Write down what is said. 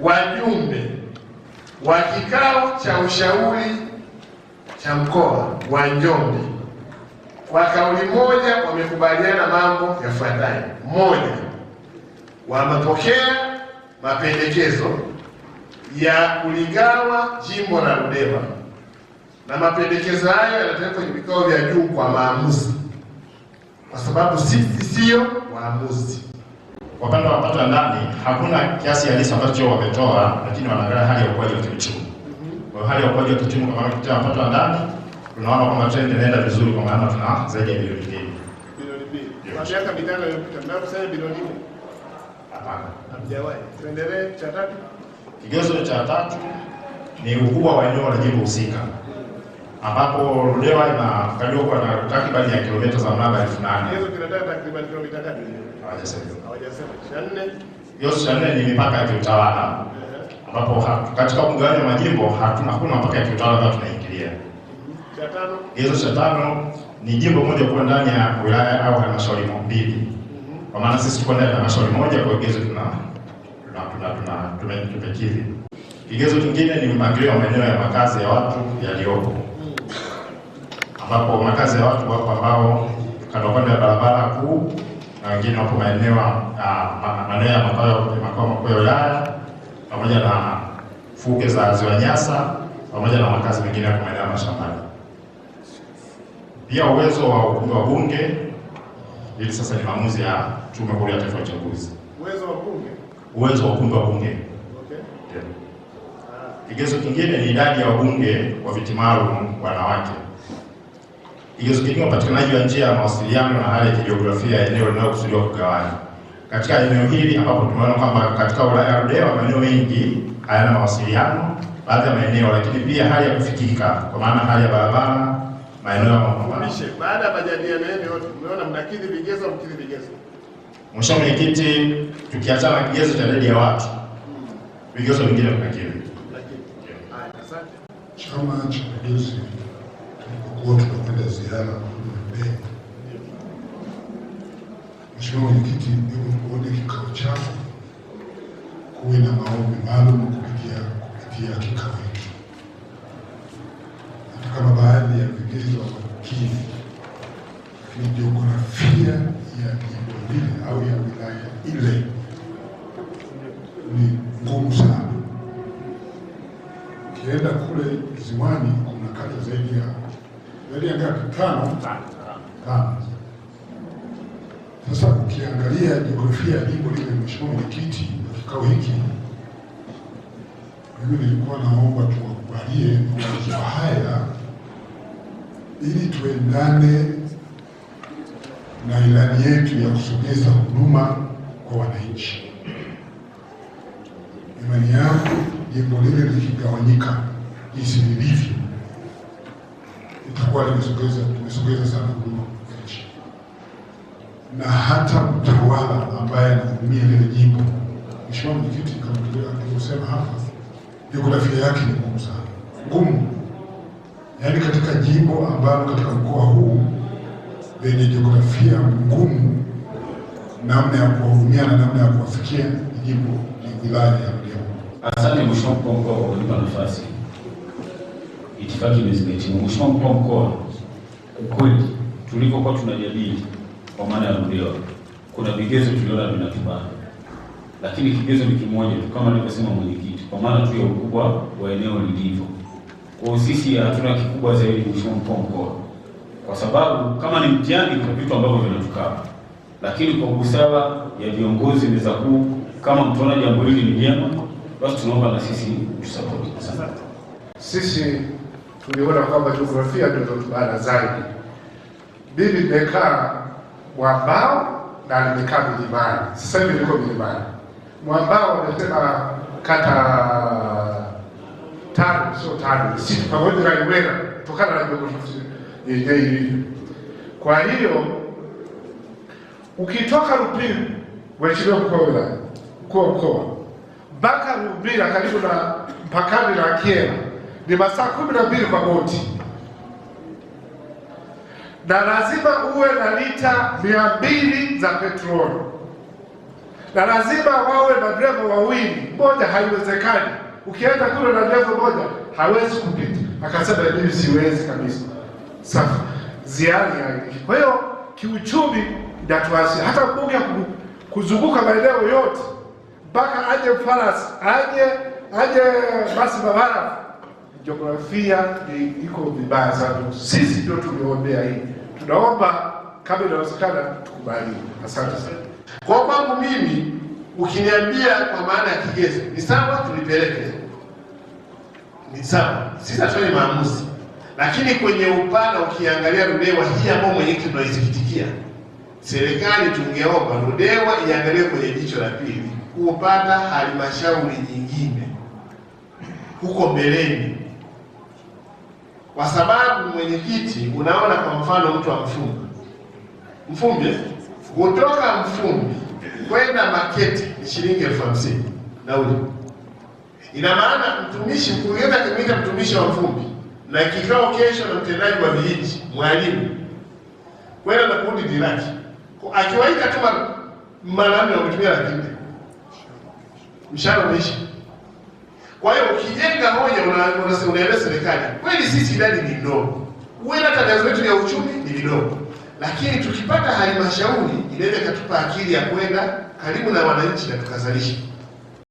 wajumbe wa kikao cha ushauri cha mkoa wa Njombe kwa kauli moja wamekubaliana mambo yafuatayo: moja, wamepokea mapendekezo ya kuligawa jimbo la Ludewa na mapendekezo hayo yanatoka kwenye vikao vya juu kwa maamuzi, kwa sababu sisi siyo waamuzi. Upande wa pato ndani hakuna kiasi halisi ambacho wametoa, lakini wanaangalia hali ya ukuaji wa kiuchumi. Kwa hali ya ukuaji wa kiuchumi kwa maana ya pato la ndani tunaona kwamba trend inaenda vizuri, kwa maana tuna zaidi ya bilioni mbili bilioni mbili kwa miaka mitano iliyopita, mnao kusema bilioni nne. Hapana, hamjawahi. Tuendelee, cha tatu, kigezo cha tatu ni ukubwa wa eneo la jimbo husika ambapo Ludewa inakaliwa kwa takribani ya kilomita za mraba elfu nane. Hizo kilomita takriban kilomita ngapi? Kigezo nne ni mipaka ya kiutawala ambapo katika mgawanyo wa majimbo hatuna hakuna mipaka ya kiutawala ambayo tunaingilia. Kigezo cha tano ni jimbo moja kuwa ndani ya wilaya au halmashauri mbili, kwa maana sisi tuko ndani ya halmashauri moja, kwa kigezo tumekidhi. Kigezo kingine ni mpangilio wa maeneo ya makazi ya watu yaliyopo, ambapo makazi ya watu wapo ambao kando kando ya barabara kuu wengine wako maeneo maeneo ya makao makuu ya wilaya pamoja na fuke za ziwa Nyasa pamoja na makazi mengine ya maeneo ya mashambani. Pia uwezo wa ukumbi wa bunge, ili sasa ni maamuzi ya Tume Huru ya Taifa ya Uchaguzi. Uwezo wa bunge, uwezo wa ukumbi wa bunge Kigezo kingine ni idadi ya wabunge wa viti maalum wanawake iliyosikiliwa upatikanaji wa njia ya mawasiliano na hali ya kijiografia ya eneo linalokusudiwa kugawanya. Katika eneo hili ambapo tumeona kwamba katika wilaya ya Ludewa maeneo mengi hayana mawasiliano, baadhi ya maeneo, lakini pia hali ya kufikika, kwa maana hali ya barabara, maeneo ya makumbusho. Baada ya majadiliano yote, tumeona mnakidhi vigezo, mkidhi vigezo. Mheshimiwa Mwenyekiti, tukiachana na kigezo cha idadi ya watu, vigezo vingine vinakidhi. Chama cha Mapinduzi huwa tunakwenda ziara Mbea. Mheshimiwa Mwenyekiti, nikuone kikao chako kuwe na maombi maalum kupitia kupitia kikao hiki, hata kama baadhi ya vigezo havikidhi, lakini jiografia ya jimbo lile au ya wilaya ile ni ngumu sana. Ukienda kule ziwani kuna kata zaidi ya angalia ngapi? Tano, tano. Sasa ukiangalia jiografia ya jimbo lile, mheshimiwa mwenyekiti, na kikao hiki, mimi nilikuwa naomba tuwakubalie mawazo haya ili tuendane na ilani yetu ya kusogeza huduma kwa wananchi. Imani yangu jimbo lile likigawanyika jinsi lilivyo itakuwa limesogeza sana huduma ya na hata mtawala ambaye anahudumia lile jimbo, mheshimiwa mwenyekiti, kama alivyosema hapa, jiografia yake ni ngumu sana, ngumu yaani, katika jimbo ambalo katika mkoa huu lenye jiografia ngumu, namna ya kuwahudumia na namna ya kuwafikia jimbo ni wilaya ya Mlima. Asante mheshimiwa kwa kunipa nafasi itifaki imezingatiwa. Mheshimiwa mkuu wa mkoa, kweli tulivyokuwa tunajadili kwa maana ya Ludewa, kuna vigezo tuliona vinatubana, lakini kigezo ni kimoja tu kama alivyosema mwenyekiti, kwa maana tu ya ukubwa wa eneo lilivyo. Kwa sisi hatuna kikubwa zaidi, Mheshimiwa mkuu wa mkoa, kwa sababu kama ni mtihani, kuna vitu ambavyo vinatukaa, lakini kwa busara ya viongozi meza kuu, kama mtaona jambo hili ni jema, basi tunaomba na sisi tusapoti. Sisi tuliona kwamba jiografia ndio ilotubana zaidi. Mimi nimekaa mwambao na nimekaa milimani, sasa hivi niko milimani. Mwambao wamesema kata tano, sio tano, sisi pamoja na Iwera, kutokana na jiografia yenyewe ilivyo. Kwa hiyo ukitoka Rupiru, mheshimiwa mkuu wa wilaya, mkuu wa mkoa mpaka Rumbila karibu na mpakani la Kyela ni masaa kumi na mbili kwa boti, na lazima uwe na lita mia mbili za petroli, na lazima wawe madereva wawili, mmoja haiwezekani. Ukienda kule na dereva moja hawezi kupita. Akasema mimi siwezi kabisa. Safi, ziara ya kwa hiyo kiuchumi inatuasia hata mbunge kuzunguka maeneo yote mpaka aje farasi aje aje basi mabarafu jiografia iko vibaya sana. Sisi ndio tumeombea hii, tunaomba kama inawezekana tukubaliwe. Asante sana. Kwa kwangu mimi, ukiniambia kwa maana ya kigezo ni sawa, tulipeleke ni sawa, sitafanya maamuzi, lakini kwenye upana ukiangalia Ludewa hii ambayo mwenyekiti tunaisikitikia serikali tungeomba Ludewa iangalie kwenye jicho la pili kupata halmashauri nyingine huko mbeleni kwa sababu mwenyekiti, unaona, kwa mfano mtu wa mfumbi Mfumbe kutoka mfumbi kwenda Makete ni shilingi elfu hamsini nauli. Ina maana mtumishi mkurugenzi akimwita mtumishi wa mfumbi na kikao kesho na mtendaji wa vijiji mwalimu kwenda na kurudi ni laki, akiwaita tu mara nne wametumia laki nne, mshahara umeisha. Kwa hiyo ukijenga moja unaelewa serikali kweli, sisi idadi ni ndogo, huenda tangazo letu ya uchumi ni vidogo, lakini tukipata halmashauri inaweza ikatupa akili ya kwenda karibu na wananchi na tukazalisha